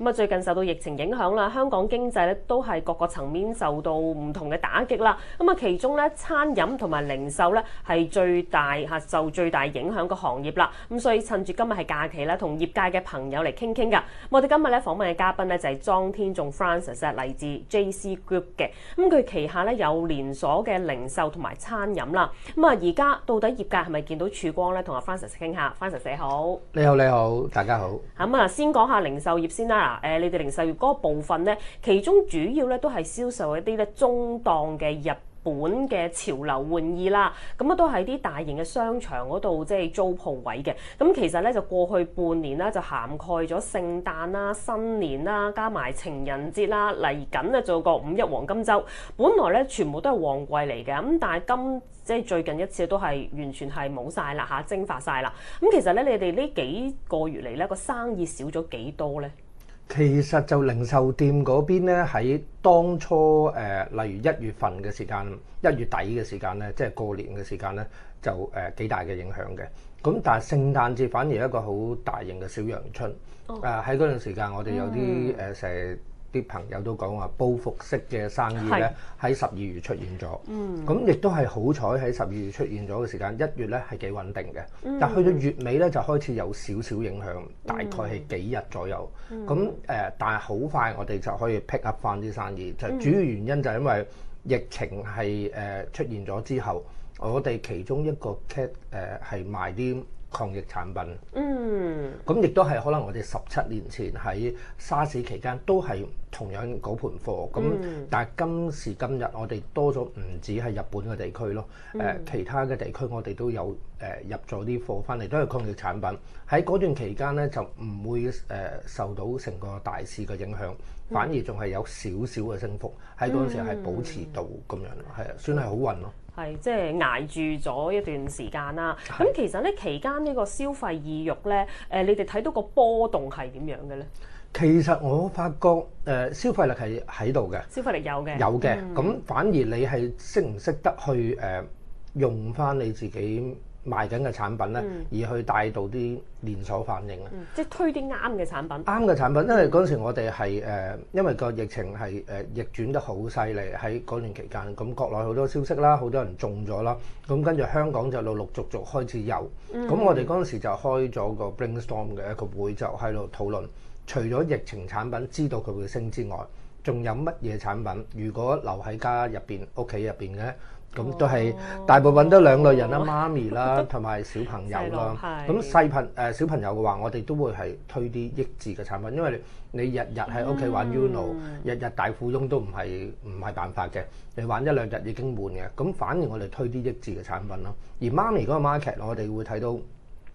咁啊，最近受到疫情影響啦，香港經濟咧都係各個層面受到唔同嘅打擊啦。咁啊，其中咧餐飲同埋零售咧係最大嚇受最大影響嘅行業啦。咁所以趁住今日係假期咧，同業界嘅朋友嚟傾傾㗎。我哋今日咧訪問嘅嘉賓咧就係莊天頌 Francis，嚟自 JC Group 嘅。咁佢旗下咧有連鎖嘅零售同埋餐飲啦。咁啊，而家到底業界係咪見到曙光咧？同阿 Francis 傾下。Francis，你好。你好，你好，大家好。咁啊，先講下零售業先啦。誒，你哋零售業嗰部分呢，其中主要呢都係銷售一啲咧中檔嘅日本嘅潮流玩意啦。咁啊，都喺啲大型嘅商場嗰度即係租鋪位嘅。咁其實呢，就過去半年啦，就涵蓋咗聖誕啦、新年啦，加埋情人節啦，嚟緊呢做個五一黃金周。本來呢，全部都係旺季嚟嘅，咁但係今即係最近一次都係完全係冇晒啦嚇，蒸發晒啦。咁其實呢，你哋呢幾個月嚟呢個生意少咗幾多呢？其實就零售店嗰邊呢，喺當初誒、呃，例如一月份嘅時間，一月底嘅時間呢，即係過年嘅時間呢，就誒幾、呃、大嘅影響嘅。咁但係聖誕節反而有一個好大型嘅小陽春，誒喺嗰段時間我哋有啲誒、mm hmm. 呃啲朋友都講話報復式嘅生意呢，喺十二月出現咗。咁亦都係好彩喺十二月出現咗嘅時間，一月呢係幾穩定嘅。嗯、但去到月尾呢，就開始有少少影響，大概係幾日左右。咁誒、嗯呃，但係好快我哋就可以 pick up 翻啲生意。就主要原因就係因為疫情係誒、呃、出現咗之後，我哋其中一個 cat 誒、呃、係賣啲抗疫產品，嗯，咁亦都係可能我哋十七年前喺、嗯、喺沙士期間都係同樣嗰盤貨，咁、嗯、但係今時今日我哋多咗唔止係日本嘅地區咯，誒、嗯、其他嘅地區我哋都有誒、呃、入咗啲貨翻嚟，都係抗疫產品。喺嗰段期間呢，就唔會誒、呃、受到成個大市嘅影響，嗯、反而仲係有少少嘅升幅，喺嗰陣時係保持到咁樣，係啊，算係好運咯。係，即係捱住咗一段時間啦。咁是其實呢期間呢個消費意欲呢，誒、呃，你哋睇到個波動係點樣嘅呢？其實我發覺誒、呃，消費力係喺度嘅，消費力有嘅，有嘅的。咁、嗯、反而你係識唔識得去誒、呃、用翻你自己？賣緊嘅產品咧，而去帶到啲連鎖反應啦、嗯，即係推啲啱嘅產品。啱嘅產品，因為嗰陣時我哋係誒，因為個疫情係誒、呃、逆轉得好犀利喺嗰段期間，咁國內好多消息啦，好多人中咗啦，咁跟住香港就陸陸續續開始有。咁、嗯、哼我哋嗰陣時就開咗個 brainstorm 嘅一個會，就喺度討論，除咗疫情產品知道佢會升之外，仲有乜嘢產品如果留喺家入邊、屋企入邊嘅？咁都係大部分都兩類人啦、啊，哦、媽咪啦同埋 小朋友啦。咁細朋誒小朋友嘅話，我哋都會係推啲益智嘅產品，因為你日日喺屋企玩 Uno，日日、嗯、大富翁都唔係唔係辦法嘅。你玩一兩日已經悶嘅，咁反而我哋推啲益智嘅產品啦。而媽咪嗰個 market，我哋會睇到有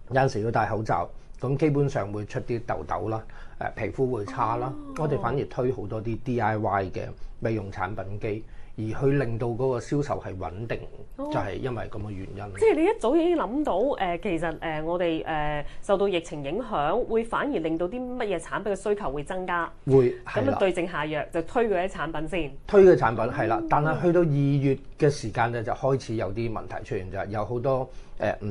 陣時要戴口罩，咁基本上會出啲痘痘啦，誒、呃、皮膚會差啦。哦、我哋反而推好多啲 DIY 嘅美容產品機。而去令到嗰個銷售係穩定，哦、就係因為咁嘅原因。即係你一早已經諗到，誒、呃、其實誒我哋誒受到疫情影響，會反而令到啲乜嘢產品嘅需求會增加。會咁啊，對症下藥，就推佢啲產品先。推嘅產品係啦，但係去到二月嘅時間咧，就開始有啲問題出現咗。有好多誒唔、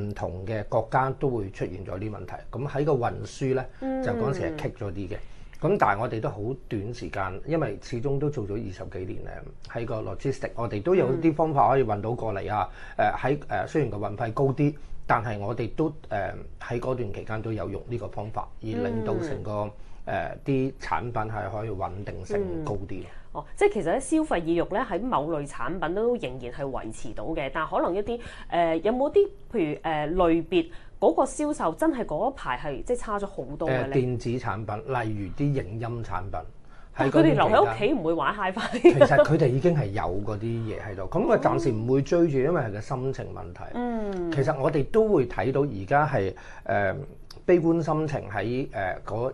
呃、同嘅國家都會出現咗啲問題。咁喺個運輸咧，就嗰陣時係棘咗啲嘅。嗯咁但係我哋都好短時間，因為始終都做咗二十幾年咧，喺個 Logistics，我哋都有啲方法可以運到過嚟啊！誒喺誒雖然個運費高啲，但係我哋都誒喺嗰段期間都有用呢個方法，而令到成個誒啲、呃、產品係可以穩定性高啲、嗯嗯。哦，即係其實咧消費意欲咧喺某類產品都仍然係維持到嘅，但係可能一啲誒、呃、有冇啲譬如誒、呃、類別？嗰個銷售真係嗰一排係即係差咗好多嘅電子產品，例如啲影音產品，佢哋留喺屋企唔會玩 HiFi。其實佢哋已經係有嗰啲嘢喺度，咁咪暫時唔會追住，因為係個心情問題。嗯、其實我哋都會睇到而家係誒悲觀心情喺誒嗰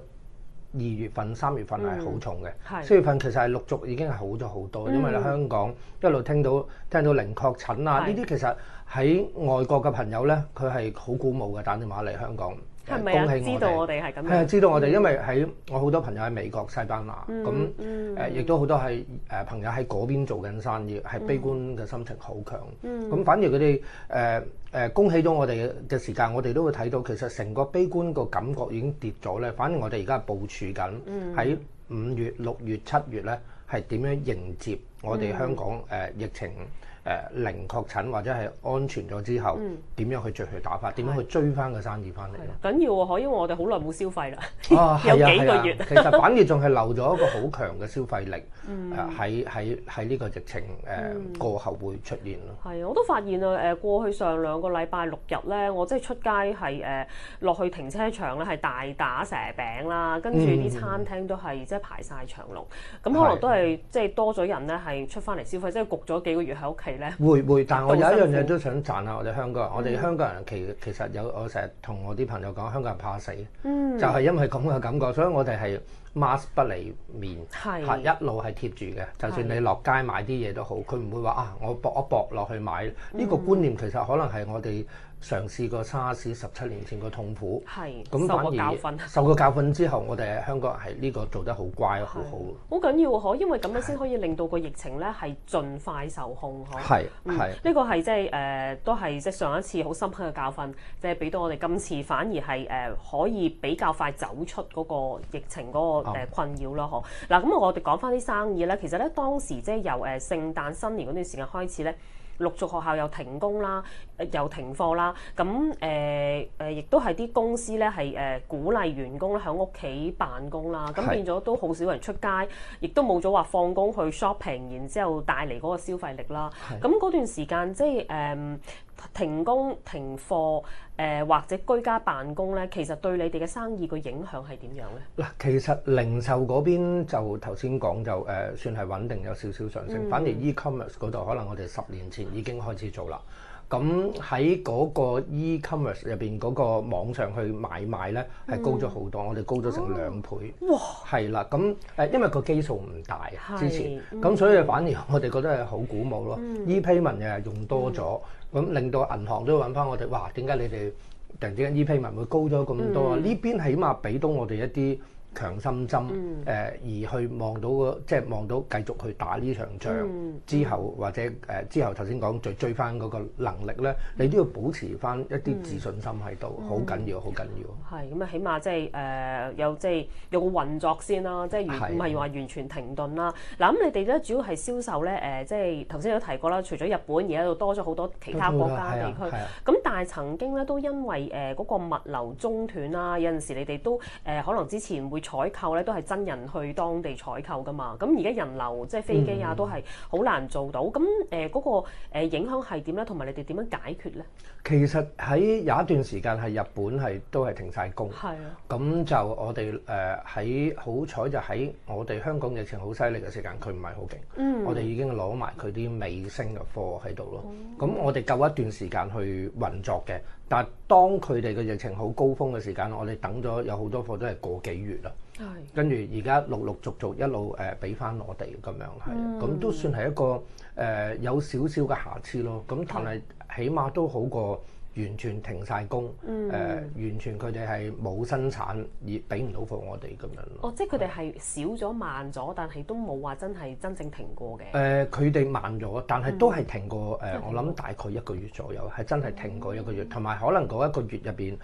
二月份、三月份係好重嘅。嗯、四月份其實係陸續已經係好咗好多、好多，嗯、因為呢香港一路聽到聽到零確診啊，呢啲是其實。喺外國嘅朋友呢，佢係好鼓舞嘅，打電話嚟香港，係咪啊、恭喜我哋。係咪知道我哋咁樣、啊。知道我哋，因為喺我好多朋友喺美國、西班牙，咁誒、嗯，亦都好多係誒、呃、朋友喺嗰邊做緊生意，係、嗯、悲觀嘅心情好強。咁、嗯、反而佢哋誒誒，恭喜咗我哋嘅時間，我哋都會睇到，其實成個悲觀個感覺已經跌咗呢。反而我哋而家係部署緊喺五月、六月、七月、月呢，係點樣迎接我哋香港誒疫情？嗯嗯嗯誒、呃、零確診或者係安全咗之後，點樣去著手打發？點樣去追翻個生意翻嚟？緊、嗯、要喎、啊，因為我哋好耐冇消費啦，啊、 有幾個月。其實反而仲係留咗一個好強嘅消費力喺喺喺呢個疫情誒、呃嗯、過後會出現咯。係啊，我都發現啊，誒、呃、過去上兩個禮拜六日咧，我即係出街係誒落去停車場咧係大打蛇餅啦，跟住啲餐廳都係即係排晒長龍。咁、嗯、可能都係即係多咗人咧，係出翻嚟消費，即係焗咗幾個月喺屋企。會會，但我有一樣嘢都想讚下我哋香港人。嗯、我哋香港人其其實有我成日同我啲朋友講，香港人怕死，嗯、就係因為咁嘅感覺，所以我哋係 mask 不離面，係是一路係貼住嘅。是就算你落街買啲嘢都好，佢唔會話啊，我搏一搏落去買，呢個觀念其實可能係我哋。嗯嘗試過沙士十七年前個痛苦，係是，咁反受過教訓。受過教訓之後，我哋香港係呢個做得好乖好是好。好緊要可因為咁樣先可以令到個疫情咧係盡快受控，嗬。係，呢、嗯這個係即係誒、呃，都係即係上一次好深刻嘅教訓，即係俾到我哋今次反而係誒、呃、可以比較快走出嗰個疫情嗰個困擾啦，嗬、哦。嗱、啊，咁我哋講翻啲生意咧，其實咧當時即係由誒聖誕新年嗰段時間開始咧。陸續學校又停工啦、呃，又停課啦，咁誒誒，亦都係啲公司呢，係誒、呃、鼓勵員工咧喺屋企辦公啦，咁變咗都好少人出街，亦都冇咗話放工去 shopping，然之後帶嚟嗰個消費力啦。咁嗰是段時間即係誒、呃、停工停課。誒、呃、或者居家辦公咧，其實對你哋嘅生意個影響係點樣咧？嗱，其實零售嗰邊就頭先講就誒、呃、算係穩定有少少上升，嗯、反而 e-commerce 嗰度可能我哋十年前已經開始做啦。咁喺嗰個 e-commerce 入邊嗰個網上去買賣咧，係、嗯、高咗好多，我哋高咗成兩倍。哇！係啦，咁誒，因為個基數唔大，之前，咁、嗯、所以反而我哋覺得係好鼓舞咯。嗯、e-payment 又係用多咗，咁令到銀行都搵返我哋，哇！點解你哋突然之間 e-payment 會高咗咁多啊？呢、嗯、邊起碼俾到我哋一啲強心針誒，而去望到個即係望到繼續去打呢場仗之後，或者誒之後頭先講再追翻嗰個能力咧，你都要保持翻一啲自信心喺度，好緊、嗯、要，好緊要。係咁啊，起碼即係誒有即係、就是、有個運作先啦，即係唔係話完全停頓啦。嗱、啊、咁、嗯、你哋咧主要係銷售咧誒、呃，即係頭先有提過啦，除咗日本而家又多咗好多其他國家地區，咁 但係曾經咧都因為誒嗰個物流中斷啦，有陣時你哋都誒、呃、可能之前會。採購咧都係真人去當地採購噶嘛，咁而家人流即係飛機啊，都係好難做到。咁誒嗰個誒影響係點咧？同埋你哋點樣解決咧？其實喺有一段時間係日本係都係停晒工，係啊，咁就我哋誒喺好彩就喺我哋香港疫情好犀利嘅時間，佢唔係好勁，嗯、我哋已經攞埋佢啲尾聲嘅貨喺度咯。咁、嗯、我哋夠一段時間去運作嘅。但係當佢哋嘅疫情好高峰嘅時間，我哋等咗有好多貨都係過幾月啦。係的，跟住而家陸陸續續一路誒俾翻我哋咁樣係，咁、嗯、都算係一個誒、呃、有少少嘅瑕疵咯。咁但係起碼都好過完全停晒工，誒、嗯呃、完全佢哋係冇生產而俾唔到貨我哋咁樣。哦，即係佢哋係少咗慢咗，嗯、但係都冇話真係真正停過嘅。誒、呃，佢哋慢咗，但係都係停過。誒、嗯呃，我諗大概一個月左右，係真係停過一個月。同埋、嗯、可能嗰一個月入邊，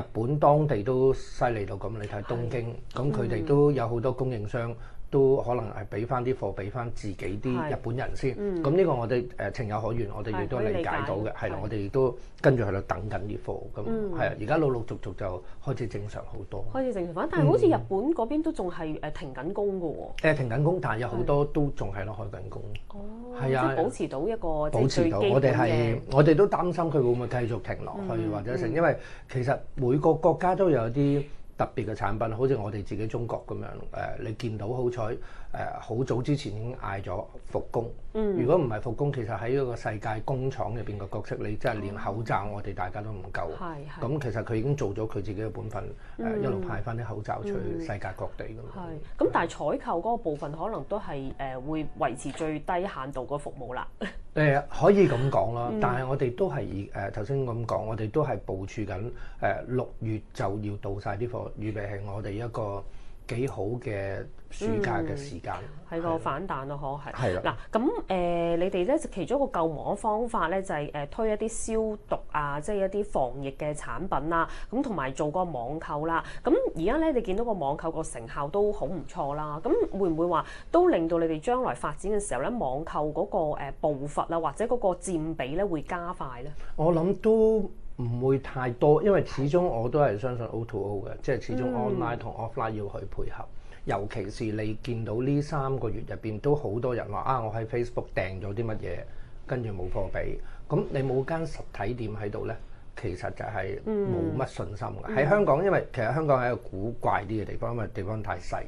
日本當地都犀利到咁。你睇東京，咁佢哋都有好多供應商。都可能係俾翻啲貨俾翻自己啲日本人先，咁呢個我哋誒情有可原，我哋亦都理解到嘅，係啦，我哋亦都跟住喺度等緊啲貨咁，係啊，而家陸陸續續就開始正常好多。開始正常翻，但係好似日本嗰邊都仲係誒停緊工㗎喎。誒，停緊工，但係有好多都仲係攞開緊工。哦，係啊，保持到一個保持到我哋係，我哋都擔心佢會唔會繼續停落去或者成，因為其實每個國家都有啲。特別嘅產品，好似我哋自己中國咁樣，誒、呃，你見到好彩。誒好、呃、早之前已經嗌咗復工。嗯，如果唔係復工，其實喺一個世界工廠入邊嘅角色，你真係連口罩我哋大家都唔夠。咁、嗯、其實佢已經做咗佢自己嘅本分，誒、嗯呃、一路派翻啲口罩出去世界各地咁。係、嗯。咁、嗯、樣但係採購嗰個部分可能都係誒、呃、會維持最低限度嘅服務啦。誒、 呃、可以咁講咯，但係我哋都係誒頭先咁講，我哋都係部署緊誒、呃、六月就要到晒啲貨，預備係我哋一個。幾好嘅暑假嘅時間，係、嗯、個反彈咯，可係的。係啦的。嗱咁誒，你哋咧其中一個救亡方法咧，就係、是、誒推一啲消毒啊，即係一啲防疫嘅產品啦、啊。咁同埋做個網購啦、啊。咁而家咧，你見到個網購個成效都好唔錯啦、啊。咁會唔會話都令到你哋將來發展嘅時候咧，網購嗰個誒步伐啦、啊，或者嗰個佔比咧，會加快咧？我諗都。唔會太多，因為始終我都係相信 O to O 嘅，即係始終 online 同、嗯、offline 要去配合。尤其是你見到呢三個月入邊都好多人話啊，我喺 Facebook 訂咗啲乜嘢，跟住冇貨俾，咁、嗯、你冇間實體店喺度呢，其實就係冇乜信心嘅。喺、嗯嗯、香港，因為其實香港係一個古怪啲嘅地方，因為地方太細，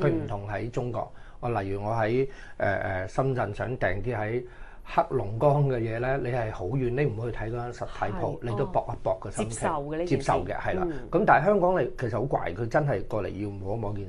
佢唔同喺中國。我例如我喺誒、呃、深圳想訂啲喺。黑龍江嘅嘢呢，哦、你係好遠，你唔去睇嗰間實體鋪，哦、你都搏一搏個心情。接受嘅呢係啦。咁、嗯、但係香港嚟，其實好怪，佢真係過嚟要摸摸件。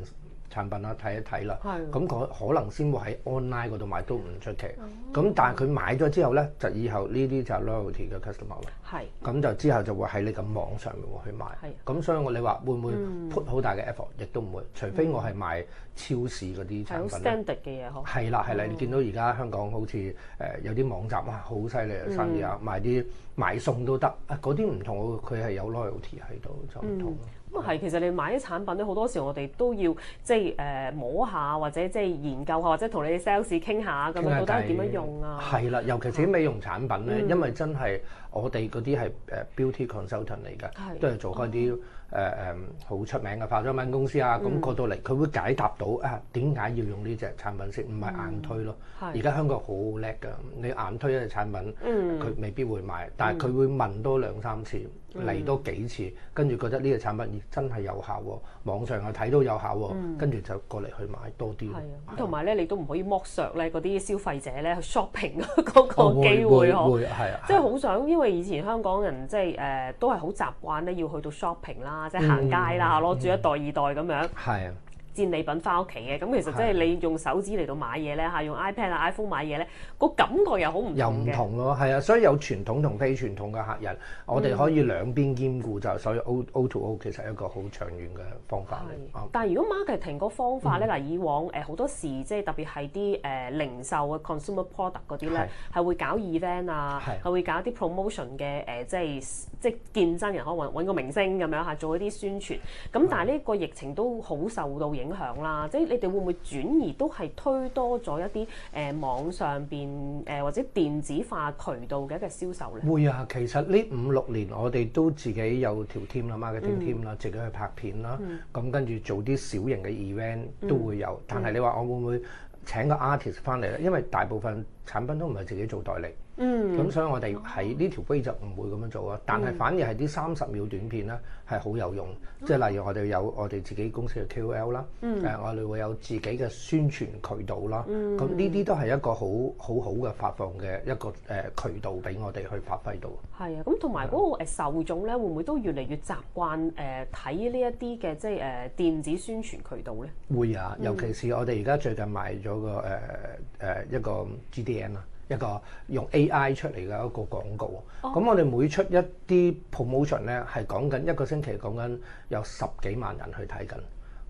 產品啦，睇一睇啦，咁佢的可能先會喺 online 嗰度買都唔出奇。咁、嗯、但係佢買咗之後呢，就以後呢啲就係 loyalty 嘅 customer 啦的。係。咁就之後就會喺你咁網上去買。咁的所以我你話會唔會 put 好、嗯、大嘅 effort？亦都唔會，除非我係賣超市嗰啲產品。standby 嘅嘢可。係啦係啦，嗯、你見到而家香港好似誒、呃、有啲網站哇，好犀利嘅生意啊，賣啲賣餸都得。嗰啲唔同，佢係有 loyalty 喺度就唔同。嗯咁啊係，其實你買啲產品咧，好多時我哋都要即係誒、呃、摸下，或者即係研究下，或者同你 sales 傾下，咁樣到底係點樣用啊？係啦，尤其是啲美容產品咧，的因為真係。嗯我哋嗰啲係誒 beauty consultant 嚟嘅，都係做開啲誒誒好出名嘅化妝品公司啊。咁過到嚟，佢會解答到啊點解要用呢隻產品先，唔係硬推咯。而家香港好叻㗎，你硬推一隻產品，佢未必會買。但係佢會問多兩三次，嚟多幾次，跟住覺得呢個產品真係有效喎，網上啊睇都有效喎，跟住就過嚟去買多啲。同埋咧，你都唔可以剝削咧嗰啲消費者咧去 shopping 嗰個機會，係啊，即係好想。因為以前香港人即係誒、呃、都係好習慣咧，要去到 shopping 啦，即係行街啦，攞、嗯、住一袋二袋咁樣。係戰利品翻屋企嘅，咁其實即係你用手指嚟到買嘢咧嚇，用 iPad 啊 iPhone 買嘢咧，個感覺又好唔同又唔同咯、啊，係啊，所以有傳統同非傳統嘅客人，我哋可以兩邊兼顧就所以 O O to O 其實係一個好長遠嘅方法嚟。但係如果 marketing 個方法咧，嗱、嗯、以往誒好多時即係特別係啲誒零售嘅 consumer product 嗰啲咧，係的會搞 event 啊，係會搞啲 promotion 嘅誒，即係即係見真人可揾揾個明星咁樣嚇做一啲宣傳。咁的但係呢個疫情都好受到影響。影響啦，即係你哋會唔會轉移都係推多咗一啲誒、呃、網上邊誒、呃、或者電子化渠道嘅一個銷售咧？會啊，其實呢五六年我哋都自己有條 team 啦 marketing team 啦，自己去拍片啦，咁跟住做啲小型嘅 event 都會有。嗯、但係你話我會唔會請個 artist 翻嚟咧？因為大部分產品都唔係自己做代理，咁、嗯、所以我哋喺呢條規就唔會咁樣做啊。但係反而係啲三十秒短片咧係好有用，嗯、即係例如我哋有我哋自己公司嘅 KOL 啦、嗯，誒、呃、我哋會有自己嘅宣傳渠道啦。咁呢啲都係一個好好好嘅發放嘅一個誒、呃、渠道俾我哋去發揮到。係、嗯、啊，咁同埋嗰個受眾咧，會唔會都越嚟越習慣誒睇呢一啲嘅即係誒、呃、電子宣傳渠道咧？會啊，尤其是我哋而家最近買咗個誒誒一個,、呃呃一個一個用 AI 出嚟嘅一個廣告，咁、oh。我哋每出一啲 promotion 呢，係講緊一個星期講緊有十幾萬人去睇緊。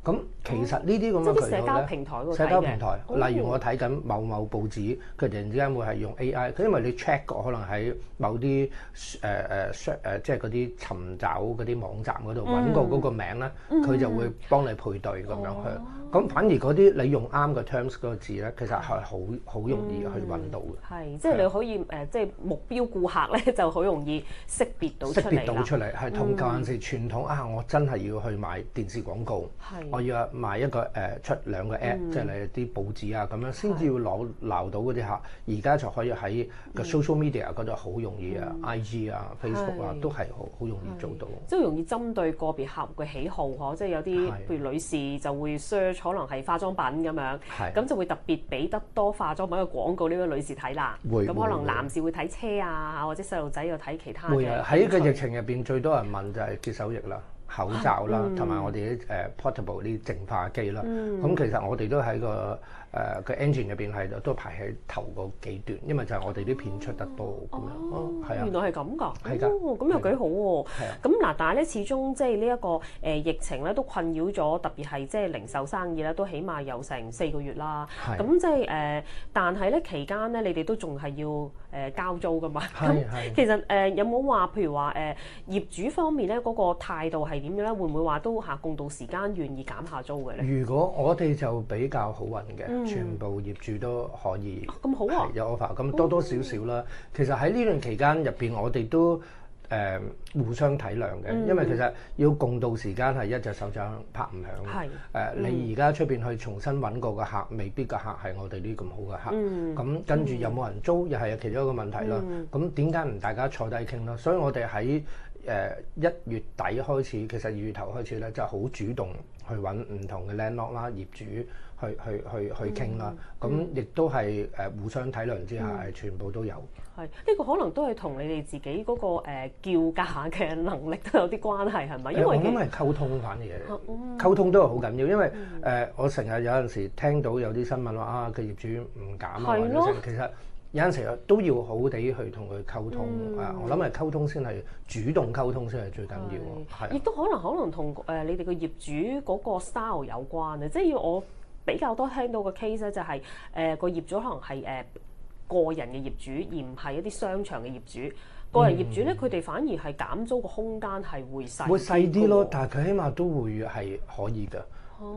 咁其實這這呢啲咁嘅嘢咧，嗯、社交平台，社交平台，哦、例如我睇緊某某某報紙，佢突然之間會係用 AI，佢因為你 check 過可能喺某啲誒誒 shar 誒，即係嗰啲尋找嗰啲網站嗰度揾過嗰個名咧，佢、嗯嗯、就會幫你配對咁樣去。咁、哦、反而嗰啲你用啱嘅 terms 嗰個字咧，其實係好好容易去揾到嘅。係、嗯，即係你可以誒、呃，即係目標顧客咧就好容易識別到出嚟識別到出嚟，係同舊陣時傳統啊，我真係要去買電視廣告。係的。我要賣一個誒出兩個 app，即係啲報紙啊咁樣，先至會攞鬧到嗰啲客。而家就可以喺個 social media 嗰度好容易啊，IG 啊、Facebook 啊，都係好好容易做到。即係容易針對個別客戶嘅喜好呵，即係有啲譬如女士就會 search 可能係化妝品咁樣，咁就會特別俾得多化妝品嘅廣告呢位女士睇啦。會咁可能男士會睇車啊，或者細路仔又睇其他嘅。喺個疫情入邊，最多人問就係潔手液啦。口罩啦，同埋、啊嗯、我哋啲誒 portable 啲淨化機啦，咁、嗯、其實我哋都喺個。誒佢 engine 入邊係都排喺頭嗰幾段，因為就係我哋啲片出得多咁樣，係啊，原來係咁㗎，係㗎，咁又幾好喎。咁嗱，但係咧始終即係呢一個誒疫情咧，都困擾咗，特別係即係零售生意咧，都起碼有成四個月啦。咁即係誒，但係咧期間咧，你哋都仲係要誒交租㗎嘛？係其實誒有冇話，譬如話誒業主方面咧，嗰個態度係點樣咧？會唔會話都嚇共度時間，願意減下租嘅咧？如果我哋就比較好運嘅。全部業主都可以，咁、啊、好啊！有 offer，咁多多少少啦。嗯、其實喺呢段期間入邊，我哋都誒互相體諒嘅，嗯、因為其實要共度時間係一隻手掌拍唔響。係誒、嗯呃，你而家出邊去重新揾過個客，未必個客係我哋啲咁好嘅客。咁、嗯、跟住有冇人租，嗯、又係有其中一個問題啦。咁點解唔大家坐低傾咧？所以我哋喺誒一、呃、月底開始，其實二月頭開始咧，就好、是、主動去揾唔同嘅 landlord 啦、業主去去去去傾啦。咁、嗯、亦都係誒、呃、互相體諒之下，全部都有。係呢、嗯這個可能都係同你哋自己嗰、那個、呃、叫價嘅能力都有啲關係，係咪？因為咁係、欸、溝通，反而、啊嗯、溝通都係好緊要。因為誒、呃，我成日有陣時聽到有啲新聞話啊，個業主唔減啊，其實。有陣時都要好地去同佢溝通啊！嗯、我諗係溝通先係主動溝通先係最緊要。係、嗯。亦是都可能可能同誒、呃、你哋個業主嗰個 style 有關啊！即係要我比較多聽到個 case 咧、就係，就係誒個業主可能係誒、呃、個人嘅業主，而唔係一啲商場嘅業主。嗯、個人業主咧，佢哋反而係減租個空間係會細。會細啲咯，但係佢起碼都會係可以㗎。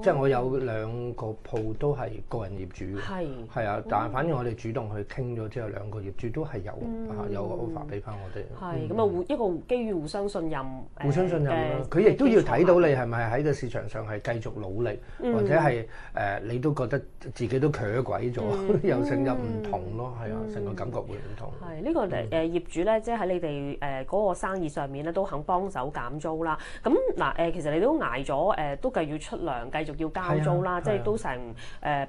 即係我有兩個鋪都係個人業主，係係啊，但係反正我哋主動去傾咗之後，兩個業主都係有有 offer 俾翻我哋。係咁啊，一個基於，互相信任，互相信任啦。佢亦都要睇到你係咪喺個市場上係繼續努力，或者係誒你都覺得自己都攰鬼咗，有成又唔同咯，係啊，成個感覺會唔同。係呢個誒業主咧，即係喺你哋誒嗰個生意上面咧都肯幫手減租啦。咁嗱誒，其實你都挨咗誒，都計要出糧。繼續要交租啦，的即係都成誒。的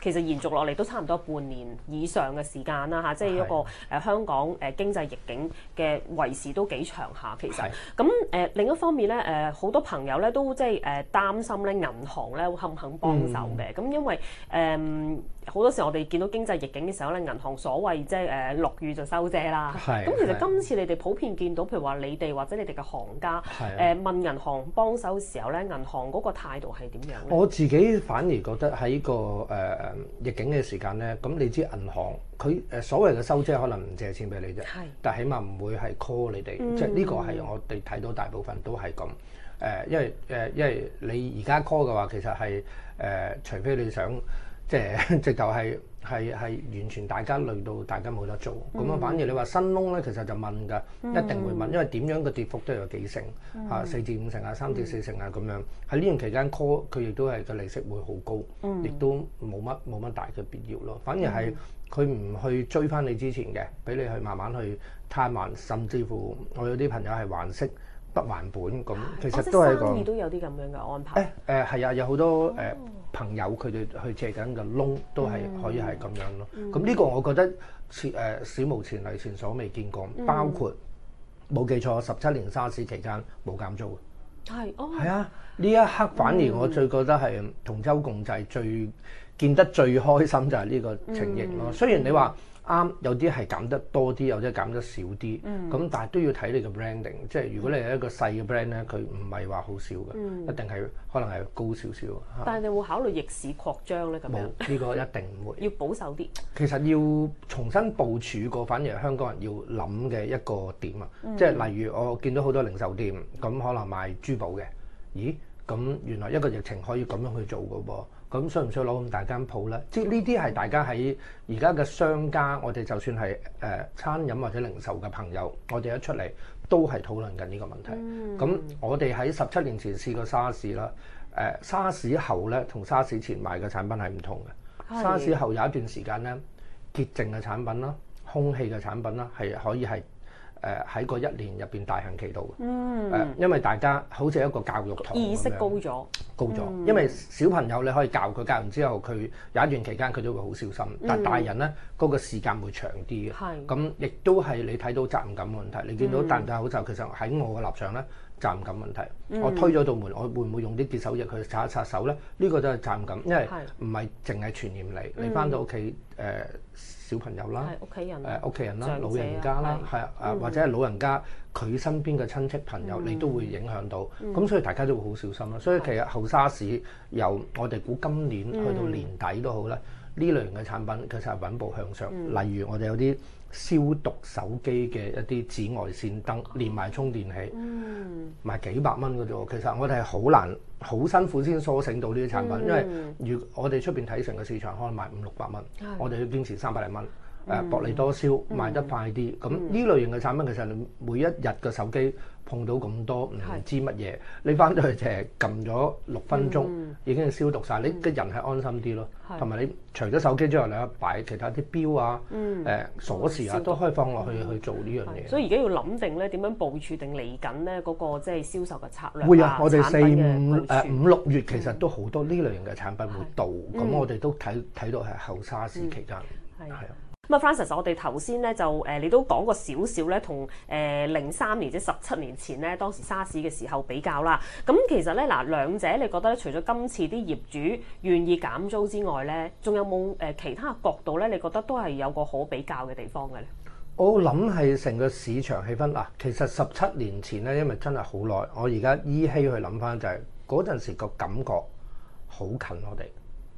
其實延續落嚟都差唔多半年以上嘅時間啦，嚇，即係一個誒香港誒、呃、經濟逆境嘅維持都幾長下。其實咁誒是、呃、另一方面咧，誒、呃、好多朋友咧、呃、都即係誒擔心咧銀行咧會肯唔肯幫手嘅？咁、嗯、因為誒好、呃、多時我哋見到經濟逆境嘅時候咧，銀行所謂即係誒落雨就收遮啦。咁是其實今次你哋普遍見到譬如話你哋或者你哋嘅行家誒、啊、問銀行幫手時候咧，銀行嗰個態度係點樣？我自己反而覺得喺個誒。呃呃呃呃誒逆境嘅時間咧，咁你知銀行佢誒所謂嘅收車可能唔借錢俾你啫，是但起碼唔會係 call 你哋，嗯、即係呢個係我哋睇到大部分都係咁。誒、呃，因為誒、呃，因為你而家 call 嘅話，其實係誒、呃，除非你想，即係 直頭係。係係完全大家累到，大家冇得做。咁啊、嗯，反而你話新窿咧，其實就問㗎，嗯、一定會問，因為點樣嘅跌幅都有幾成嚇，四至五成啊，三至四成啊咁樣。喺呢段期間，call 佢亦都係個利息會好高，亦、嗯、都冇乜冇乜大嘅必要咯。反而係佢唔去追翻你之前嘅，俾你去慢慢去攤還，甚至乎我有啲朋友係還息不還本咁，其實都係個。公、啊、都有啲咁樣嘅安排、哎。誒誒係啊，有好多誒。嗯朋友佢哋去借緊個窿都係可以係咁樣咯，咁呢、嗯、個我覺得前誒、呃、史無前例、前所未見過，包括冇、嗯、記錯，十七年沙士期間冇減租嘅，係哦，係啊，呢一刻反而我最覺得係同舟共濟最見得最開心就係呢個情形咯，嗯、雖然你話。啱，有啲係減得多啲，有啲減得少啲。咁、嗯、但係都要睇你嘅 branding，即係如果你係一個細嘅 brand 咧，佢唔係話好少嘅，一定係可能係高少少。嗯、是但係你會考慮逆市擴張呢，咁樣呢、呢個一定唔會 要保守啲。其實要重新部署過，反而香港人要諗嘅一個點啊，即係例如我見到好多零售店咁，可能賣珠寶嘅，咦？咁原來一個疫情可以咁樣去做嘅噃。咁需唔需要攞咁大間鋪呢？即係呢啲係大家喺而家嘅商家，我哋就算係誒、呃、餐飲或者零售嘅朋友，我哋一出嚟都係討論緊呢個問題。咁、嗯、我哋喺十七年前試過沙士啦，誒、呃、沙士後呢，同沙士前賣嘅產品係唔同嘅。是沙士後有一段時間呢，潔淨嘅產品啦、空氣嘅產品啦，係可以係誒喺個一年入邊大行其道嘅。誒、嗯呃，因為大家好似一個教育堂咁樣意識高咗。嗯、因為小朋友你可以教佢，教完之後佢有一段期間佢都會好小心。但大人呢，嗰、嗰個時間會長啲嘅。咁亦、嗯、都係你睇到責任感問題。你見到帶唔帶口罩，其實喺我嘅立場呢，責任感問題。嗯、我推咗道門，我會唔會用啲潔手液去擦一擦手呢？呢、呢個都係責任感，因為唔係淨係傳染嚟。你翻到屋企誒？嗯呃小朋友啦，誒屋企人啦，長者老人家啦，係啊，或者係老人家佢身邊嘅親戚朋友，嗯、你都會影響到。咁、嗯、所以大家都會好小心啦。嗯、所以其實後沙士由我哋估今年去到年底都好啦，呢、嗯、類型嘅產品其實係穩步向上。嗯、例如我哋有啲。消毒手機嘅一啲紫外線燈，連埋充電器，賣、嗯、幾百蚊嘅啫。其實我哋係好難、好辛苦先鎖定到呢啲產品，嗯、因為如我哋出邊睇成個市場，可能賣五六百蚊，是我哋要堅持三百零蚊，誒薄、嗯、利多銷，賣得快啲。咁呢類型嘅產品其實你每一日嘅手機。碰到咁多唔知乜嘢，你翻咗去淨係撳咗六分鐘，已經係消毒晒。你個人係安心啲咯。同埋你除咗手機之外，你一擺其他啲錶啊、誒鎖匙啊，都可以放落去去做呢樣嘢。所以而家要諗定咧，點樣部署定嚟緊咧？嗰個即係銷售嘅策略會啊！我哋四五誒五六月其實都好多呢類型嘅產品會到，咁我哋都睇睇到係後沙士期間係啊。咁啊，Francis，我哋頭先咧就誒，你都講過少少咧，同誒零三年即係十七年前咧，當時沙士嘅時候比較啦。咁其實咧嗱，兩者你覺得咧，除咗今次啲業主願意減租之外咧，仲有冇誒其他角度咧？你覺得都係有個可比較嘅地方嘅咧？我諗係成個市場氣氛嗱，其實十七年前咧，因為真係好耐，我而家依稀去諗返就係嗰陣時個感覺好近我哋。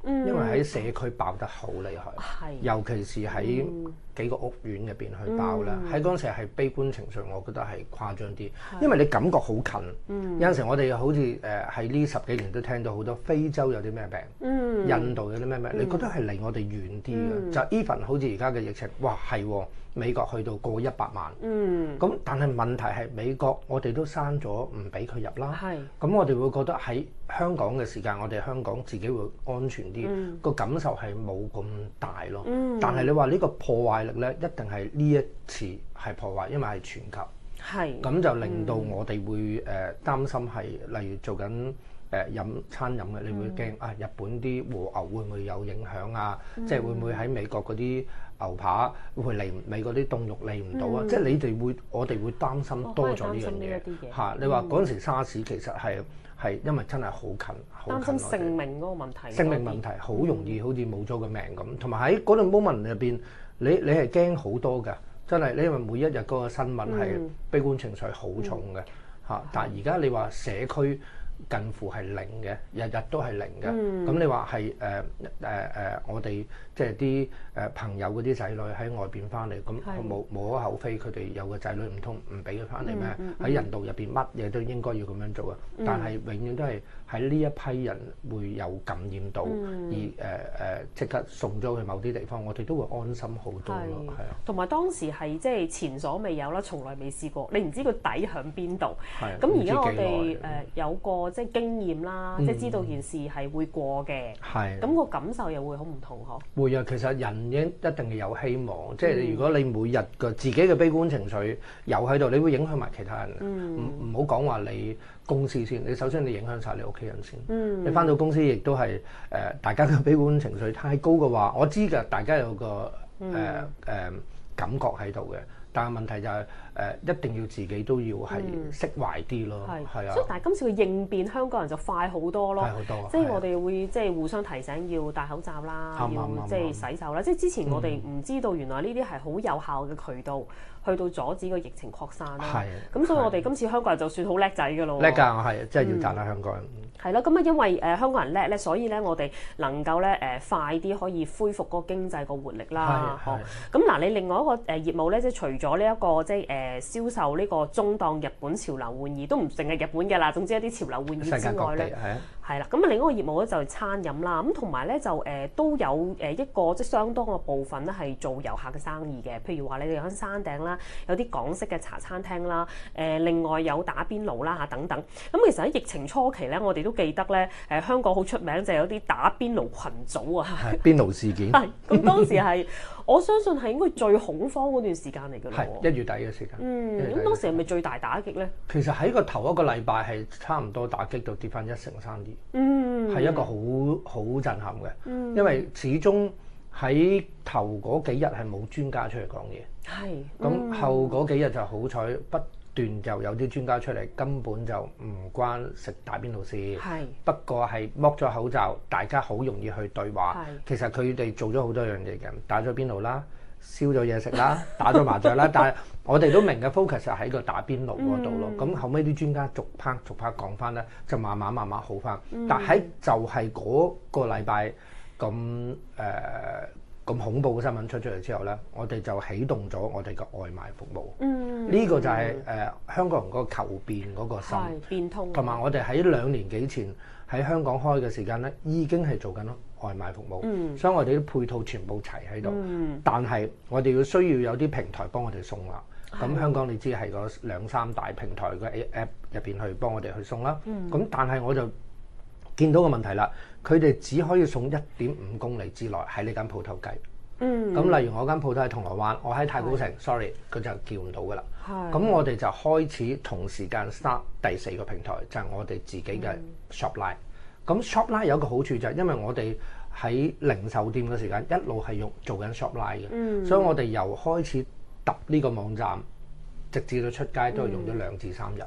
因為喺社區爆得好厲害，嗯、尤其是喺幾個屋苑入邊去爆啦。喺嗰陣時係悲觀情緒，我覺得係誇張啲，嗯、因為你感覺好近。嗯、有陣時我哋好似誒喺呢十幾年都聽到好多非洲有啲咩病，印度有啲咩咩，你覺得係離我哋遠啲嘅，嗯、就 even 好似而家嘅疫情，哇係喎。美國去到過一百萬，咁、嗯、但係問題係美國，我哋都刪咗唔俾佢入啦。係是，咁我哋會覺得喺香港嘅時間，我哋香港自己會安全啲，個、嗯、感受係冇咁大咯。嗯、但係你話呢個破壞力呢，一定係呢一次係破壞，因為係全球，咁是就令到我哋會誒、呃、擔心係，例如做緊誒、呃、飲餐飲嘅，你會驚、嗯、啊日本啲和牛會唔會有影響啊？即係會唔會喺美國嗰啲？牛扒會嚟，美國啲凍肉嚟唔到啊！嗯、即係你哋會，我哋會擔心多咗呢樣嘢嚇。你話嗰陣時沙士、嗯、其實係係因為真係好近，好、嗯、近。性命嗰個問題。性命問題好容易好似冇咗個命咁，同埋喺嗰段 moment 入邊，你你係驚好多㗎，真係你因為每一日嗰個新聞係悲觀情緒好重嘅嚇。嗯嗯、但係而家你話社區。近乎係零嘅，日日都係零嘅。咁、嗯嗯、你話係誒誒誒，我哋即係啲誒朋友嗰啲仔女喺外邊翻嚟，咁是無無可厚非。佢哋有個仔女唔通唔俾佢翻嚟咩？喺、嗯嗯、人道入邊乜嘢都應該要咁樣做啊！但係永遠都係。喺呢一批人會有感染到，而誒誒即刻送咗去某啲地方，我哋都會安心好多咯，係啊。同埋當時係即係前所未有啦，從來未試過，你唔知個底響邊度。係。咁而家我哋誒有個即係經驗啦，即係知道件事係會過嘅。係。咁個感受又會好唔同呵。會啊，其實人已一定係有希望。即係如果你每日嘅自己嘅悲觀情緒有喺度，你會影響埋其他人。唔唔好講話你公司先，你首先你影響晒你。嘅人先，你翻到公司亦都係誒，大家嘅悲觀情緒太高嘅話，我知㗎大家有個誒誒感覺喺度嘅，但係問題就係誒，一定要自己都要係釋懷啲咯，係啊。所以但係今次嘅應變，香港人就快好多咯，好多。即係我哋會即係互相提醒要戴口罩啦，即係洗手啦。即係之前我哋唔知道原來呢啲係好有效嘅渠道，去到阻止個疫情擴散啦。係。咁所以我哋今次香港人就算好叻仔㗎咯。叻㗎，我係真係要讚下香港人。係啦，咁啊、嗯，因為誒、呃、香港人叻咧，所以咧我哋能夠咧誒、呃、快啲可以恢復嗰個經濟個活力啦。係係。咁嗱，嗯、你另外一個誒、呃、業務咧，即係除咗呢一個即係誒、呃、銷售呢個中檔日本潮流玩意，都唔淨係日本嘅啦。總之一啲潮流玩意之外咧。世界各地係啊。係啦，咁啊另一個業務咧就係餐飲啦，咁同埋咧就誒、呃、都有誒一個即係相當嘅部分咧係做遊客嘅生意嘅，譬如話你哋喺山頂啦，有啲港式嘅茶餐廳啦，誒、呃、另外有打邊爐啦嚇等等，咁其實喺疫情初期咧，我哋都記得咧誒、呃、香港好出名就係、是、有啲打邊爐群組啊，的 邊爐事件，係咁當時係。 我相信係應該最恐慌嗰段時間嚟㗎。係一月底嘅時間。嗯，咁當時係咪最大打擊呢？其實喺個頭一個禮拜係差唔多打擊到跌翻一成三啲。嗯，係一個好好震撼嘅。嗯，因為始終喺頭嗰幾日係冇專家出嚟講嘢。係。咁，嗯，後嗰幾日就好彩不段就有啲專家出嚟，根本就唔關食打邊爐事。係是，不過係剝咗口罩，大家好容易去對話。是其實佢哋做咗好多樣嘢嘅，打咗邊爐啦，燒咗嘢食啦，打咗麻雀啦。 但係我哋都明嘅 focus 就喺個打邊爐嗰度咯。咁、嗯、後尾啲專家逐拍逐拍 a 講翻咧，就慢慢慢慢好翻。嗯、但係就係嗰個禮拜咁誒。咁恐怖嘅新聞出出嚟之後呢，我哋就啟動咗我哋嘅外賣服務。嗯，呢個就係、是、誒、呃、香港人嗰個求變嗰個心變通。同埋我哋喺兩年幾前喺香港開嘅時間呢，已經係做緊外賣服務。嗯、所以我哋啲配套全部齊喺度。嗯、但係我哋要需要有啲平台幫我哋送啦。咁、嗯、香港你知係個兩三大平台嘅 App 入邊去幫我哋去送啦。咁、嗯、但係我就見到個問題啦。佢哋只可以送一點五公里之內，喺呢間鋪頭計。嗯。咁例如我間鋪頭喺銅鑼灣，我喺太古城、哎、，sorry，佢就叫唔到噶啦。咁是我哋就開始同時間 start 第四個平台，就係、是、我哋自己嘅 shop line。咁、嗯、shop line 有個好處就係因為我哋喺零售店嘅時間一路係用做緊 shop line 嘅。嗯、所以我哋由開始揼呢個網站，直至到出街都係用咗兩至三日。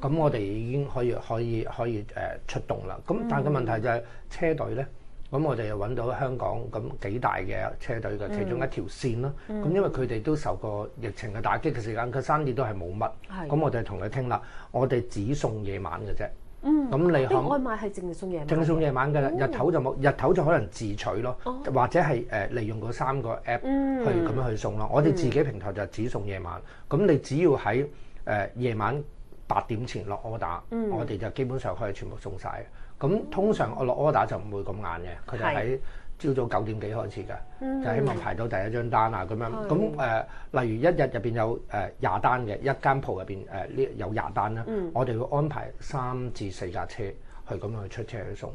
咁我哋已經可以可以可以誒出動啦。咁但係個問題就係車隊咧，咁我哋又揾到香港咁幾大嘅車隊嘅其中一條線啦。咁因為佢哋都受過疫情嘅打擊嘅時間佢生意都係冇乜。咁我哋同佢傾啦，我哋只送夜晚嘅啫。咁你可？外賣係淨係送夜晚。淨送夜晚嘅啦，日頭就冇，日頭就可能自取咯，或者係誒利用嗰三個 app 去咁樣去送咯。我哋自己平台就只送夜晚。咁你只要喺誒夜晚。八點前落 order，嗯、我哋就基本上可以全部送晒。咁通常我落 order 就唔會咁晏嘅，佢就喺朝早九點幾開始嘅，是就希望排到第一張單啊咁樣。咁誒是、呃，例如一日入邊有誒廿、呃、單嘅，一間鋪入邊誒呢有廿單啦，嗯、我哋會安排三至四架車去咁樣去出車去送。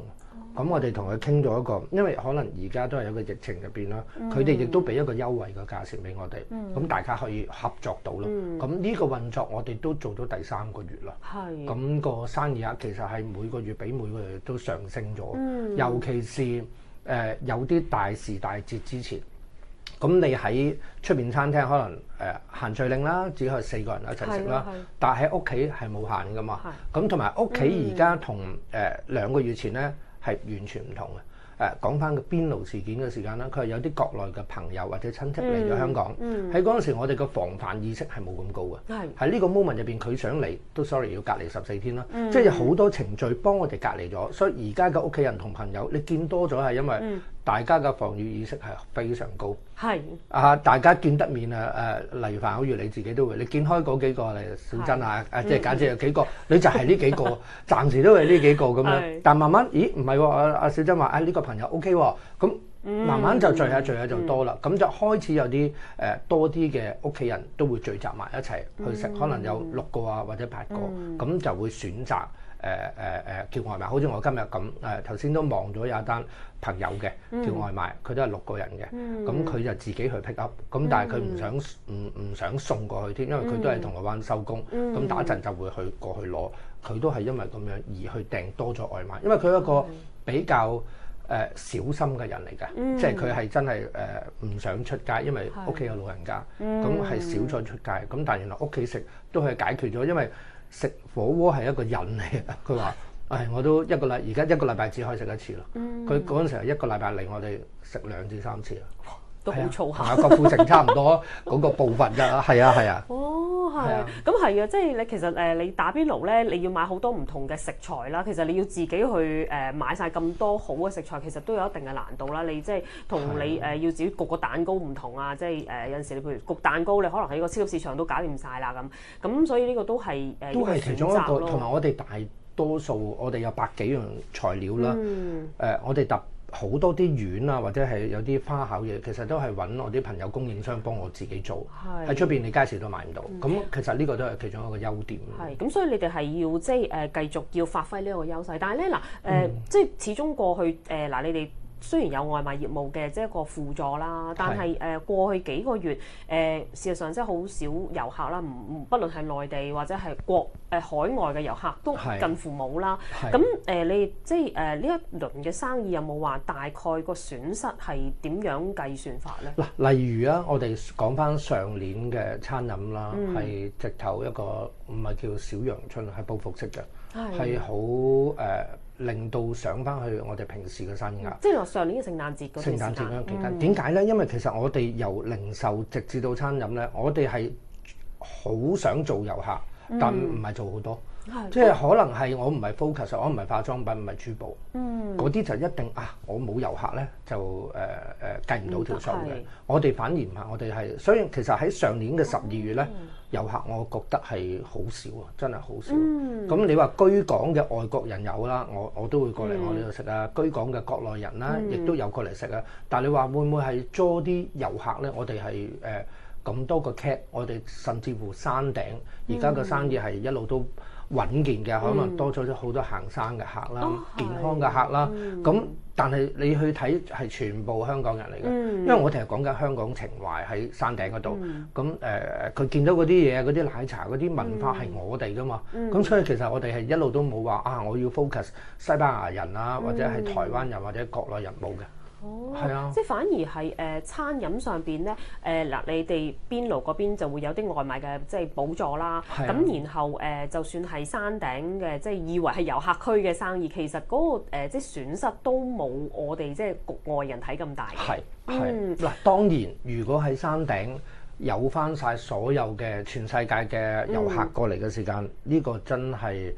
咁、嗯嗯、我哋同佢傾咗一個，因為可能而家都係有個疫情入邊啦。佢哋亦都俾一個優惠嘅價錢俾我哋，咁大家可以合作到咯。咁、嗯、呢、嗯、個運作我哋都做到第三個月啦。係咁是個生意額其實係每個月比每個月都上升咗，嗯、尤其是誒、呃、有啲大時大節之前，咁你喺出邊餐廳可能誒、呃、限聚令啦，只可以四個人一齊食啦，但喺屋企係冇限噶嘛。咁同埋屋企而家同誒、呃、兩個月前咧。係完全唔同嘅，誒講翻個邊爐事件嘅時間啦，佢係有啲國內嘅朋友或者親戚嚟咗香港，喺嗰陣時我哋嘅防範意識係冇咁高嘅，喺呢是個 moment 入邊佢想嚟都 sorry 要隔離十四天啦，嗯、即係有好多程序幫我哋隔離咗，所以而家嘅屋企人同朋友你見多咗係因為。嗯嗯大家嘅防禦意識係非常高。係啊，大家見得面啊，誒，例如範好似你自己都會，你見開嗰幾個誒，小珍啊，誒，即係簡直有幾個，你就係呢幾個，暫時都係呢幾個咁樣。但慢慢，咦，唔係喎，阿小珍話，誒呢個朋友 OK 喎，咁慢慢就聚下聚下就多啦，咁就開始有啲誒多啲嘅屋企人都會聚集埋一齊去食，可能有六個啊或者八個，咁就會選擇。誒誒誒叫外賣，好似我今日咁誒，頭、呃、先都望咗有一單朋友嘅、嗯、叫外賣，佢都係六個人嘅，咁佢、嗯、就自己去 pick up，咁但係佢唔想唔唔、嗯、想送過去添，因為佢都係銅鑼灣收工，咁、嗯、打一陣就會去過去攞，佢都係因為咁樣而去訂多咗外賣，因為佢一個比較誒、呃、小心嘅人嚟㗎，即係佢係真係誒唔想出街，因為屋企有老人家，咁係少咗出街，咁但係原來屋企食都係解決咗，因為。食火鍋係一個癮嚟啊！佢話：唉、哎，我都一個禮，而家一個禮拜只可以食一次咯。佢嗰陣時係一個禮拜嚟，我哋食兩至三次啊。都好嘈下，國富 城差唔多嗰 個部分嘅，係啊，係啊。哦，係。咁係的啊，即係你其實誒，你打邊爐咧，你要買好多唔同嘅食材啦。其實你要自己去誒買晒咁多好嘅食材，其實都有一定嘅難度啦。你即係同你誒的、呃、要自己焗個蛋糕唔同啊。即係誒、呃、有陣時你譬如焗蛋糕，你可能喺個超級市場都搞掂晒啦咁。咁所以呢個都係誒。都係其中一個，同埋我哋大多數，我哋有百幾樣材料啦。嗯。呃呃、我哋特。好多啲院啊，或者係有啲花巧嘢，其實都係揾我啲朋友供應商幫我自己做，喺出邊你街市都買唔到。咁、嗯、其實呢個都係其中一個優點，係咁，所以你哋係要即係繼續要發揮呢個優勢。但係呢，嗱、呃、誒，即、呃、係始終過去誒嗱、呃呃，你哋。雖然有外賣業務嘅，即、就、係、是、一個輔助啦，但係誒是過去幾個月誒、呃，事實上即係好少遊客啦，唔唔，不論係內地或者係國誒、呃、海外嘅遊客都近乎冇啦。咁誒是、呃，你即係誒呢一輪嘅生意有冇話大概個損失係點樣計算法咧？嗱，例如啊，我哋講返上年嘅餐飲啦，係、嗯、直頭一個唔係叫小陽春，係報復式嘅，係好誒。令到上翻去我哋平時嘅生意額，即係上年嘅聖誕節嗰聖誕節嗰期間，點解、嗯、呢？因為其實我哋由零售直至到餐飲呢，我哋係好想做遊客，嗯、但唔係做好多，嗯、即係可能係我唔係 focus，我唔係化妝品，唔係珠寶嗰啲就一定啊，我冇遊客呢，就誒誒、呃呃、計唔到條數嘅、嗯。我哋反而唔係，我哋係所以其實喺上年嘅十二月呢。嗯嗯遊客我覺得係好少啊，真係好少。咁、嗯嗯、你話居港嘅外國人有啦，我我都會過嚟我呢度食啊。嗯、居港嘅國內人啦，亦都有過嚟食啊。但係你話會唔會係多啲遊客呢？我哋係誒咁多個 cat，我哋甚至乎山頂而家嘅生意係一路都穩健嘅，可能多咗好多行山嘅客啦，嗯、健康嘅客啦，咁、哦。但係你去睇係全部香港人嚟嘅，因為我哋係講緊香港情懷喺山頂嗰度。咁誒、嗯，佢見、嗯呃、到嗰啲嘢、嗰啲奶茶、嗰啲文化係我哋㗎嘛？咁、嗯、所以其實我哋係一路都冇話啊，我要 focus 西班牙人啦、啊，或者係台灣人或者國內人冇嘅。哦，啊、即係反而係誒、呃、餐飲上邊咧，誒、呃、嗱你哋邊爐嗰邊就會有啲外賣嘅即係補助啦。咁、啊、然後誒、呃、就算係山頂嘅，即係以為係遊客區嘅生意，其實嗰、嗰個、呃、即係損失都冇我哋即係局外人睇咁大。係係嗱，嗯、當然如果喺山頂有翻晒所有嘅全世界嘅遊客過嚟嘅時間，呢、嗯、個真係。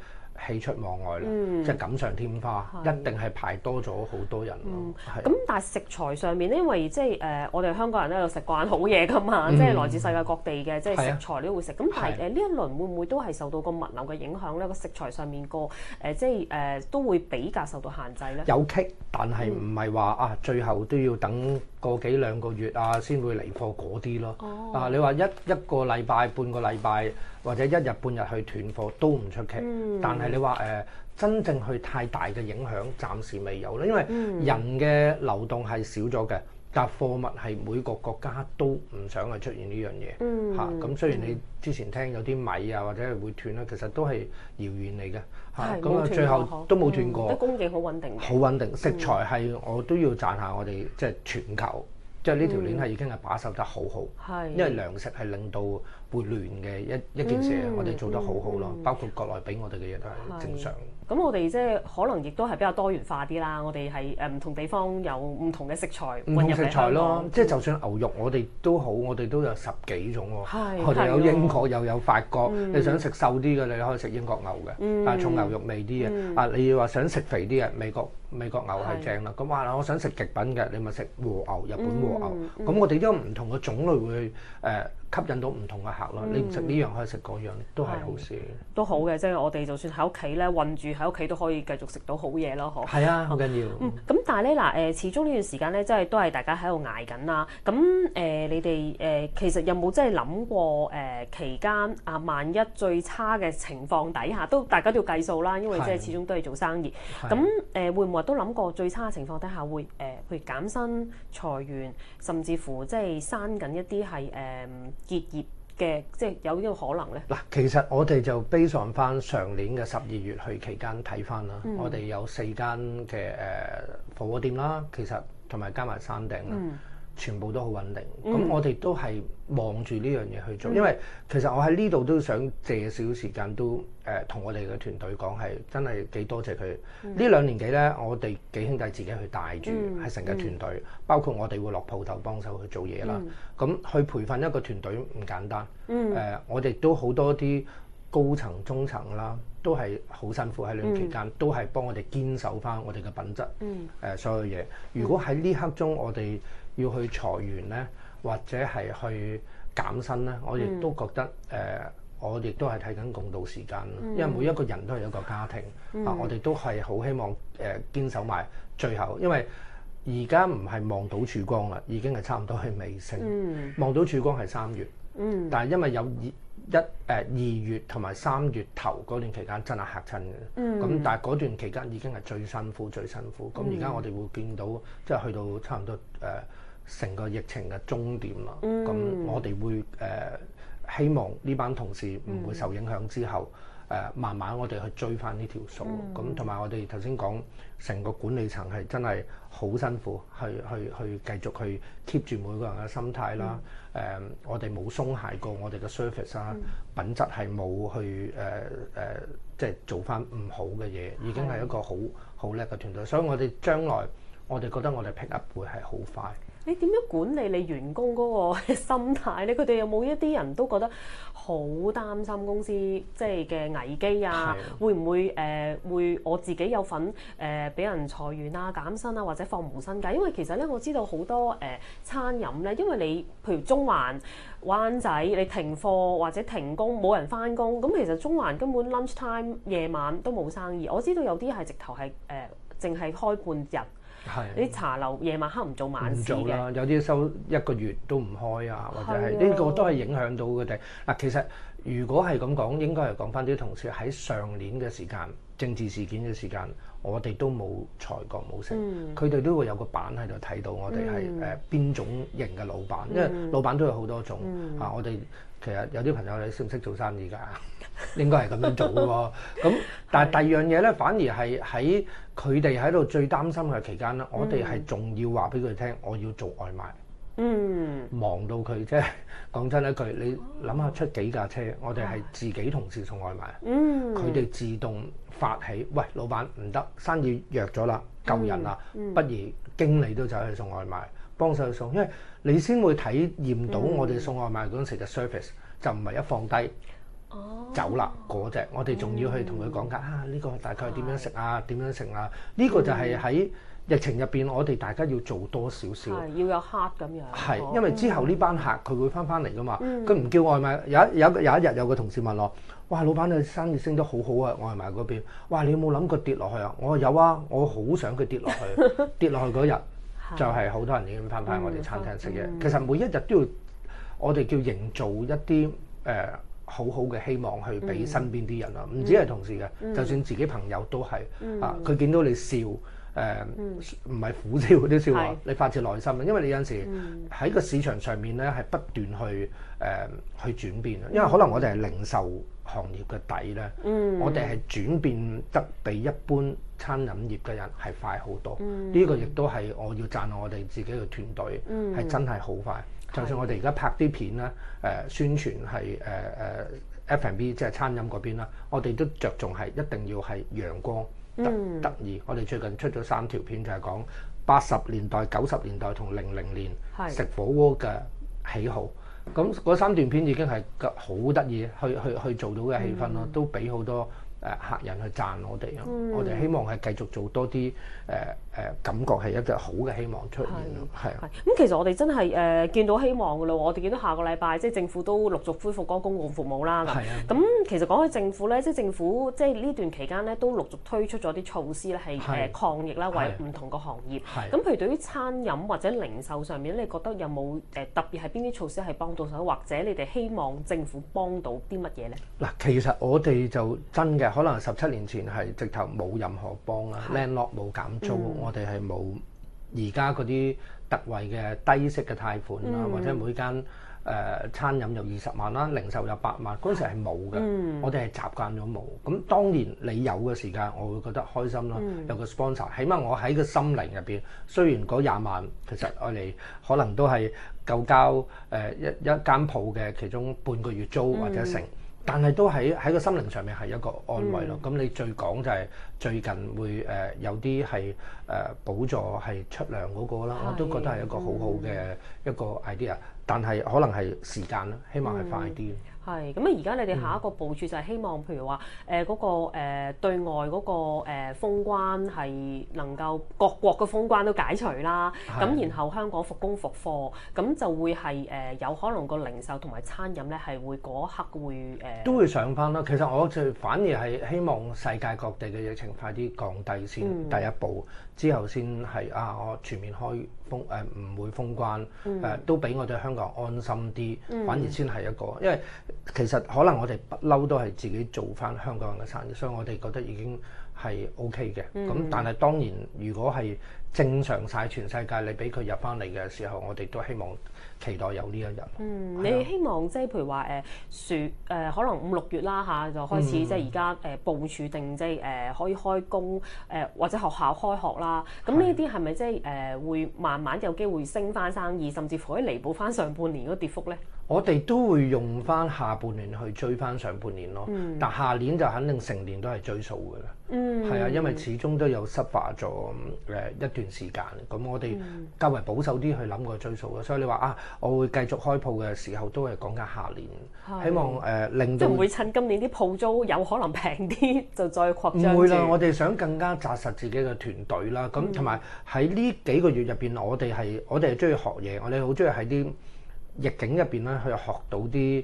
喜出望外啦，嗯、即係錦上添花，是一定係排多咗好多人咯。咁、嗯、是但係食材上面咧，因為即係誒，我哋香港人都有食慣好嘢㗎嘛，即係、嗯、來自世界各地嘅即係食材都會食。咁但係呢一輪會唔會都係受到個物流嘅影響呢？個食材上面個誒即係誒都會比較受到限制呢？有㗎，但係唔係話啊，最後都要等。個幾兩個月啊，先會嚟貨嗰啲咯。Oh. 啊，你話一一個禮拜、半個禮拜或者一日半日去斷貨都唔出奇。嗯。但係你話誒，呃，真正去太大嘅影響，暫時未有咯。因為人嘅流動係少咗嘅。嗯嗯集貨物係每個國家都唔想去出現呢樣嘢嚇，咁、嗯啊、雖然你之前聽有啲米啊或者係會斷啦，其實都係謠言嚟嘅嚇，咁啊最後都冇斷過，啲供應好穩定，好穩定。食材係我都要讚下我哋即係全球，即係呢條鏈係已經係把守得好好，嗯、因為糧食係令到，會亂嘅一一件事，我哋做得好好咯，包括國內俾我哋嘅嘢都係正常。咁我哋即係可能亦都係比較多元化啲啦。我哋係誒唔同地方有唔同嘅食材，唔同食材咯。即係就算牛肉，我哋都好，我哋都有十幾種喎。係，我哋有英國又有法國。你想食瘦啲嘅，你可以食英國牛嘅，但係重牛肉味啲嘅。啊，你要話想食肥啲嘅，美國美國牛係正啦。咁啊，我想食極品嘅，你咪食和牛、日本和牛。咁我哋都有唔同嘅種類會誒。吸引到唔同嘅客咯，嗯、你唔食呢樣可以食嗰樣，都係好事、嗯。都好嘅，即係我哋就算喺屋企咧，韞住喺屋企都可以繼續食到好嘢咯，好，係啊，好緊要、嗯呃。嗯，咁但係咧嗱，誒始終呢段時間咧，即係都係大家喺度挨緊啦。咁誒，你哋誒其實有冇即係諗過誒、呃、期間啊？萬一最差嘅情況底下，都大家都要計數啦，因為即係始終都係做生意。咁誒的、呃、會唔會都諗過最差嘅情況底下會誒去、呃、減薪、裁員，甚至乎即係生緊一啲係誒？嗯結業嘅，即係有呢個可能咧。嗱，其實我哋就 base on 翻上年嘅十二月去期間睇翻啦，嗯、我哋有四間嘅誒、呃、火鍋店啦，其實同埋加埋山頂啦。嗯全部都好穩定，咁、嗯、我哋都係望住呢樣嘢去做。嗯、因為其實我喺呢度都想借少時間都誒，同、呃、我哋嘅團隊講係真係幾多謝佢呢、嗯、兩年幾呢，我哋幾兄弟自己去帶住，係成、嗯嗯、個團隊，嗯嗯、包括我哋會落鋪頭幫手去做嘢啦。咁、嗯、去培訓一個團隊唔簡單。誒、嗯呃，我哋都好多啲高層、中層啦，都係好辛苦喺兩期間，都係幫我哋堅守翻我哋嘅品質。誒、嗯呃，所有嘢。如果喺呢刻中我哋要去裁員咧，或者係去減薪咧，我亦都覺得誒、嗯呃，我亦都係睇緊共度時間。因為每一個人都有一個家庭，嗯、啊，我哋都係好希望誒堅、呃、守埋最後，因為而家唔係望到曙光啦，已經係差唔多去尾聲。嗯、望到曙光係三月，嗯、但係因為有二一誒二月同埋三月頭嗰段期間真係嚇親嘅，咁、嗯嗯、但係嗰段期間已經係最辛苦最辛苦。咁而家我哋會見到即係、就是、去到差唔多誒。呃成個疫情嘅終點啦，咁、mm hmm. 我哋會誒、呃、希望呢班同事唔會受影響之後、呃，誒慢慢我哋去追翻呢條數。咁同埋我哋頭先講，成個管理層係真係好辛苦去 去，去去去繼續去 keep 住每個人嘅心態啦。誒、mm hmm. 呃，我哋冇鬆懈過我 service,、mm，我哋嘅 service 啊品質係冇去誒、呃、誒，即、呃、係、就是、做翻唔好嘅嘢，mm hmm. 已經係一個好好叻嘅團隊。 所以我哋將來。我哋覺得我哋 pick up 係好快。你點樣管理你員工嗰個心態咧？佢哋有冇一啲人都覺得好擔心公司即係嘅危機啊？是的 會唔會誒、呃、會我自己有份誒俾、呃、人裁員啊、減薪啊，或者放無薪假？因為其實咧，我知道好多誒、呃、餐飲咧，因為你譬如中環灣仔，你停貨或者停工冇人翻工，咁其實中環根本 lunch time 夜晚都冇生意。我知道有啲係直頭係誒淨係開半日。係，啲茶樓夜晚黑唔做晚市，唔做啦，有啲收一個月都唔開啊，或者係呢的個都係影響到佢哋。嗱，其實如果係咁講，應該係講返啲同事喺上年嘅時間，政治事件嘅時間，我哋都冇財局冇成。佢哋、嗯、都會有個版喺度睇到我哋係誒邊種型嘅老闆，嗯、因為老闆都有好多種嚇、嗯啊、我哋。其實有啲朋友你識唔識做生意㗎？ 應該係咁樣做嘅喎。咁 但係第二樣嘢咧，反而係喺佢哋喺度最擔心嘅期間咧，我哋係仲要話俾佢聽，我要做外賣。嗯。忙到佢啫，講真一句，你諗下出幾架車？我哋係自己同事送外賣。嗯。佢哋自動發起，喂，老闆唔得，生意弱咗啦，救人啦，嗯嗯、不如經理都走去送外賣。幫手送，因為你先會體驗到我哋送外賣嗰種嘅 s u r f a c e 就唔係一放低、哦、走啦嗰隻。我哋仲要去同佢講解，嗯、啊呢、這個大概點樣食啊，點是樣食啊？呢、這個就係喺疫情入邊，我哋大家要做多少少、嗯。要有客 e 咁樣。係是，哦、因為之後呢班客佢會翻翻嚟噶嘛。佢唔、嗯、叫外賣。有一有一有一日有個同事問我：哇，老闆你生意升得好好啊，外賣嗰邊。哇，你有冇諗過跌落去啊？我有啊，我好想佢跌落去，跌落去嗰日。 就係好多人已經返返我哋餐廳食嘢，嗯、其實每一日都要我哋叫營造一啲誒、呃、好好嘅希望去俾身邊啲人啊，唔止係同事嘅，嗯、就算自己朋友都係、嗯、啊，佢見到你笑誒，唔、呃、係、嗯、苦笑嗰啲笑話，嗯、你發自內心，因為你有陣時喺個市場上面咧係不斷去誒、呃、去轉變，因為可能我哋係零售行業嘅底咧，嗯、我哋係轉變得比一般。餐飲業嘅人係快好多，呢、嗯、個亦都係我要讚我哋自己嘅團隊，係、嗯、真係好快。是就算我哋而家拍啲片咧，誒、呃、宣傳係誒誒、呃、F&B 即係餐飲嗰邊啦，我哋都着重係一定要係陽光、嗯、得得意。我哋最近出咗三條片就係講八十年代、九十年代同零零年是食火鍋嘅喜好。咁嗰三段片已經係好得意，去去去，去做到嘅氣氛咯，嗯、都俾好多。誒客人去讚我哋咯，嗯、我哋希望係繼續做多啲誒。呃誒感覺係一個好嘅希望出現咯，係啊是。咁是、嗯、其實我哋真係誒、呃、見到希望㗎咯，我哋見到下個禮拜即係政府都陸續恢復嗰個公共服務啦。係啊。咁其實講起政府咧，即係政府即係呢段期間咧都陸續推出咗啲措施咧，係誒抗疫啦，是或者唔同嘅行業。咁譬如對於餐飲或者零售上面，你覺得有冇誒、呃、特別係邊啲措施係幫到手，或者你哋希望政府幫到啲乜嘢咧？嗱，其實我哋就真嘅，可能十七年前係直頭冇任何幫啊，landlord 冇減租。嗯我哋係冇而家嗰啲特惠嘅低息嘅貸款啦，嗯、或者每間誒、呃、餐飲有二十萬啦，零售有八萬嗰陣時係冇嘅。嗯、我哋係習慣咗冇咁。當然你有嘅時間，我會覺得開心咯。嗯、有個 sponsor，起碼我喺個心靈入邊，雖然嗰廿萬其實我哋可能都係夠交誒、呃、一一間鋪嘅其中半個月租或者成。嗯嗯但係都喺喺個心靈上面係一個安慰咯。咁，嗯，你最講就係最近會誒，呃，有啲係誒補助係出糧嗰個，那個啦。我都覺得係一個好好嘅一個 idea，嗯。但係可能係時間咯，希望係快啲。嗯係，咁啊而家你哋下一個部署就係希望，譬如話，誒、呃、嗰、那個誒、呃、對外嗰、那個、呃、封關係能夠各國嘅封關都解除啦，咁是然後香港復工復課，咁就會係誒、呃、有可能個零售同埋餐飲咧係會嗰刻會誒、呃、都會上翻咯。其實我就反而係希望世界各地嘅疫情快啲降低先，嗯、第一步之後先係啊我全面開封、呃、唔會封關，誒、呃、都俾我哋香港人安心啲，反而先係一個，嗯、因為其實可能我哋不嬲都係自己做翻香港人嘅生意，所以我哋覺得已經係 OK 嘅。咁但係當然，如果係正常晒全世界，你俾佢入翻嚟嘅時候，我哋都希望。期待有呢一日。嗯，你希望即係、啊、譬如話誒雪誒可能五六月啦嚇、啊，就開始、嗯、即係而家誒部署定即係誒、呃、可以開工誒、呃、或者學校開學啦。咁呢啲係咪即係誒會慢慢有機會升翻生意，甚至乎可以彌補翻上半年個跌幅咧？我哋都會用翻下半年去追翻上半年咯，嗯、但下年就肯定成年都係追數嘅啦。嗯，係啊，因為始終都有失發咗誒一段時間，咁我哋較為保守啲去諗個追數咯。所以你話啊，我會繼續開鋪嘅時候都係講緊下年，是希望誒、呃、令到即係會趁今年啲鋪租有可能平啲 就再擴張。唔會啦，我哋想更加紮實自己嘅團隊啦。咁同埋喺呢幾個月入邊，我哋係我哋係鍾意學嘢，我哋好鍾意喺啲，逆境入邊咧，去學到啲誒，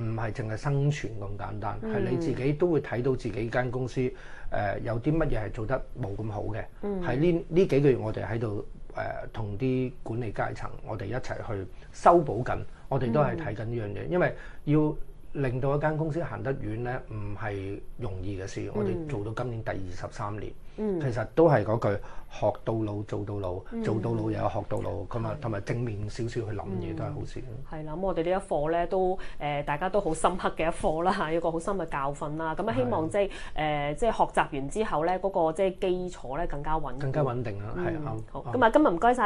唔係淨係生存咁簡單，係、嗯、你自己都會睇到自己間公司誒、呃、有啲乜嘢係做得冇咁好嘅。喺呢呢幾個月我，我哋喺度誒同啲管理階層，我哋一齊去修補緊，我哋都係睇緊呢樣嘢，嗯、因為要令到一間公司行得遠咧，唔係容易嘅事。嗯、我哋做到今年第二十三年，嗯、其實都係嗰句。學到老做到老、嗯、做到老又有學到老咁啊，同埋、嗯、正面少少去諗嘢都係好事。係啦，咁、嗯、我哋呢一課咧都誒、呃，大家都好深刻嘅一課啦，有個好深嘅教訓啦。咁、嗯、啊，希望即係誒，即係學習完之後咧，嗰、那個即係基礎咧更加穩，更加穩定啦，係啊。嗯、對好，咁啊、嗯，今日唔該曬。